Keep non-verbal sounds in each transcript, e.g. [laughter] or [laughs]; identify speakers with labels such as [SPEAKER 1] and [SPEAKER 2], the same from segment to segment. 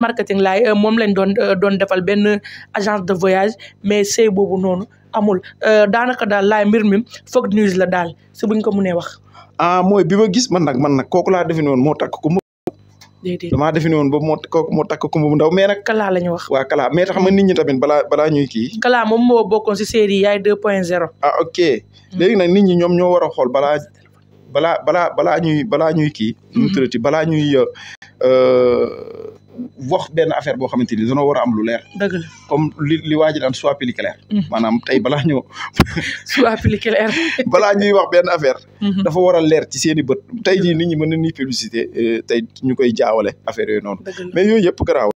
[SPEAKER 1] marketing laay euh, moom lañ doon euh, doon defal benn euh, agence de voyage mais sëy boobu noonu amul daanaka daal laay mbir mi fake news la daal si buñ ko mënee wax. ah mooy
[SPEAKER 2] bi ma gis man nag man nag kooku laa define woon moo takk ko mu. déedéet damaa define woon ba moo kooku moo takk ko mu ndaw mais nag. kalaa la ñu wax wa kalaa mais tax ma nit ñi tamit bala balaa ñuy ki
[SPEAKER 1] kalaa moom moo bokkoon si
[SPEAKER 2] série yaay 2 point 0. ah ok léegi nag nit ñi ñoom ñoo war a xool balaa. balaa balaa balaa ñuy balaa ñuy kii nu mhm. balaa ñuy euh, euh, wax benn affaire boo xamante ni danoo war a am lu leer. dëgg la li li waa ji daan soit pili clair. Mhm. maanaam tey balaa ñu [laughs] soit pili clair. [laughs] balaa ñuy wax benn affaire. Mhm. dafa war a leer ci seeni bët tey jii nit ñi mën na ni publicité euh, tey ñu koy jaawale affaire yooyu noonu. mais yooyu yëpp garaaw.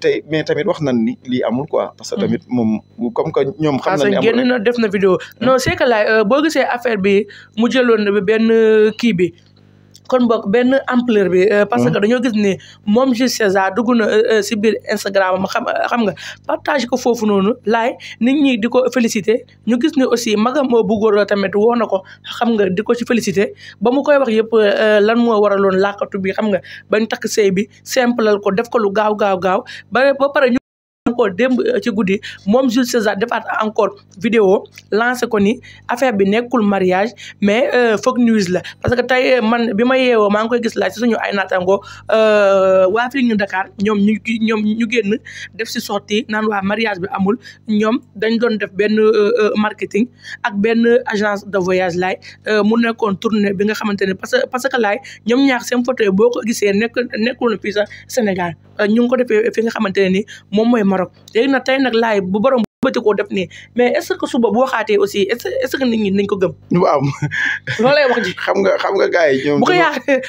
[SPEAKER 2] te mais tamit wax nan ni lii amul quoi. parce que hmm. tamit moom comme que ñoom. xam nañ ne amul génn na
[SPEAKER 1] def na vidéo non c'est que laay euh, boo gisee affaire bi mu jëloon benn kii bi. kon boog benn ampleur bi. Euh, parce mm. que dañoo gis ni moom Jules César dugg na euh, euh, si biir Instagram xam xam nga partage ko foofu noonu laay nit ñi di ko félicité ñu gis ne aussi magam bu góor tamit woo na ko xam nga di ko ci félicité ba mu koy wax yëpp lan moo waraloon làkkatu bi xam nga bañ takk sëy bi simplal ko def ko lu gaaw gaaw gaaw ba ba pare. encore démb euh, ci guddi moom Jules César defaat encore vidéo lancé ko ni affaire bi nekkul mariage mais euh, fake news la parce que tey euh, man bi ma yeewoo maa ngi koy gis laaj si suñu ay naataango waa fi ñu Dakar ñoom ñu ñoom ñu génn def si sortie naan waa mariage bi amul ñoom dañ doon def benn marketing ak benn agence de voyage laay mu nekkoon tournée bi nga xamante ne parce que parce que laay ñoom ñaar seen photo boo ko gisee nekk nekkul fii sax Sénégal ñu ngi defee fi nga xamante moom mooy Maroc yoon léegi nag tey nag laay bu borom bëti koo def nii mais est ce que suba bu waxaatee aussi est ce ko gëm waaw xam nga
[SPEAKER 2] xam bu ko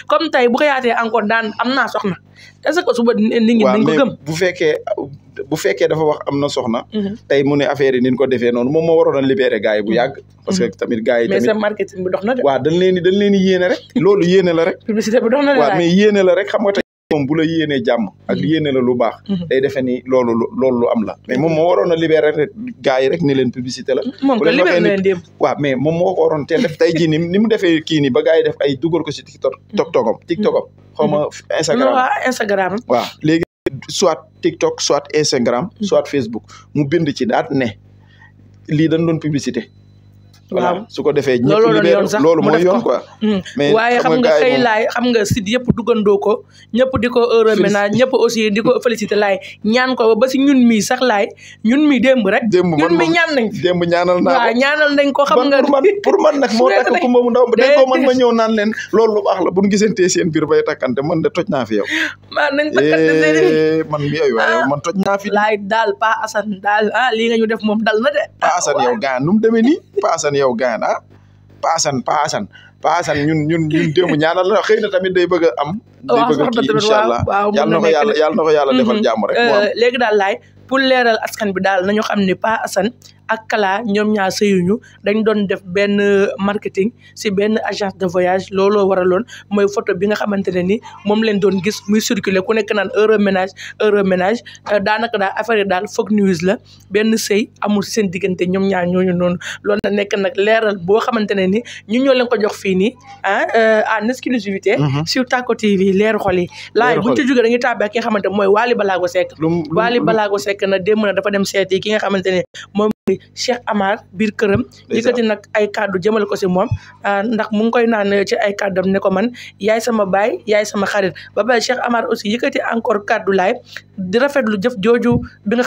[SPEAKER 1] comme tey bu ko yaatee encore daan am soxna est suba nit ko gëm
[SPEAKER 2] bu fekkee dafa wax am soxna mhm. tey mu affaire yi ko defee noonu moom moo waroon a libéré bu mhm. yàgg parce que mhm. tamit gars tamit mais bi dox na de waaw dañ loolu yéene rek waaw mais yéene rek xam nga moom bu la yéenee jàmm ak mm-hmm. yéene la lu baax mm-hmm. day defee ni loolu loolu lu am la mais moom moo waroon a libéré rek gars rek ni leen publicité la mm-hmm. moom ko libéré leen moom moo ko waroon teel def tey jii ni ni mu defee kii nii ba gars yi def ay dugal ko si tiktok toktokam tiktokam xaw ma Instagram waaw
[SPEAKER 1] Instagram waaw
[SPEAKER 2] léegi soit tiktok soit Instagram soit Facebook mu bind ci daat ne lii dañ doon publicité voilà su ko defee ñëpp libéré loolu mooy yoon quoi
[SPEAKER 1] hmm. mais waaye xam nga xëy laay xam nga site yëpp duggandoo ko ñëpp di ko heureux maintenant ñëpp aussi di ko félicité laay ko ba si ñun mii ñun mii démb rek démb ñun mii ñaan nañ démb ñaanal naa waaw ñaanal nañ ko xam nga pour man [laughs] ma ñëw naan leen
[SPEAKER 2] loolu lu baax la bu ñu gisantee seen biir bay takkante man de toj naa fi yow
[SPEAKER 1] maa nañ takkante eh, seen
[SPEAKER 2] man mi ay waaye ah, man
[SPEAKER 1] toj daal Pa daal ah ñu def moom dal na de Pa
[SPEAKER 2] Assane yow gaa nu mu demee nii yow gaynde ah Pa Assane Pa paasan ñun ñun ñun démb ñaanal la xëy na tamit day bëgg a am oh, day bëgg a kii incha allah yàlla na ko yàlla yàlla mm-hmm. defal jàmm rek euh,
[SPEAKER 1] léegi daal laay pour leeral askan bi daal nañu xam ne Pa Assane ak Kala ñoom ñaar sëyuñu dañ doon def benn euh, marketing si benn agence de voyage looloo waraloon mooy photo bi nga xamante ne ni moom leen doon gis muy circuler ku nekk naan heureux ménage heureux ménage euh, daanaka daal affaire daal fake news la benn sëy amul seen diggante ñoom ñaa ñooñu noonu na nekk nag ñoo leen ko jox fii nii ah en euh, exclusivité mm-hmm. sur Tacko TV leeru xol yi laay buñu ci jógee dañuy tàbbi ak ki nga xamante mooy Waly Balago Seck Waly Balago Seck na dem na dafa dem seeti ki nga xamante ne moom Cheikh Amar biir këram yëkkati nag ay kàddu jëmale ko si moom ah, ndax mu ngi koy naan ci ay kàddam ne ko man yaay sama baay yaay sama xarit ba bay Cheikh Amar aussi yëkkati encore kàddu laay di rafetlu jëf jooju bi nga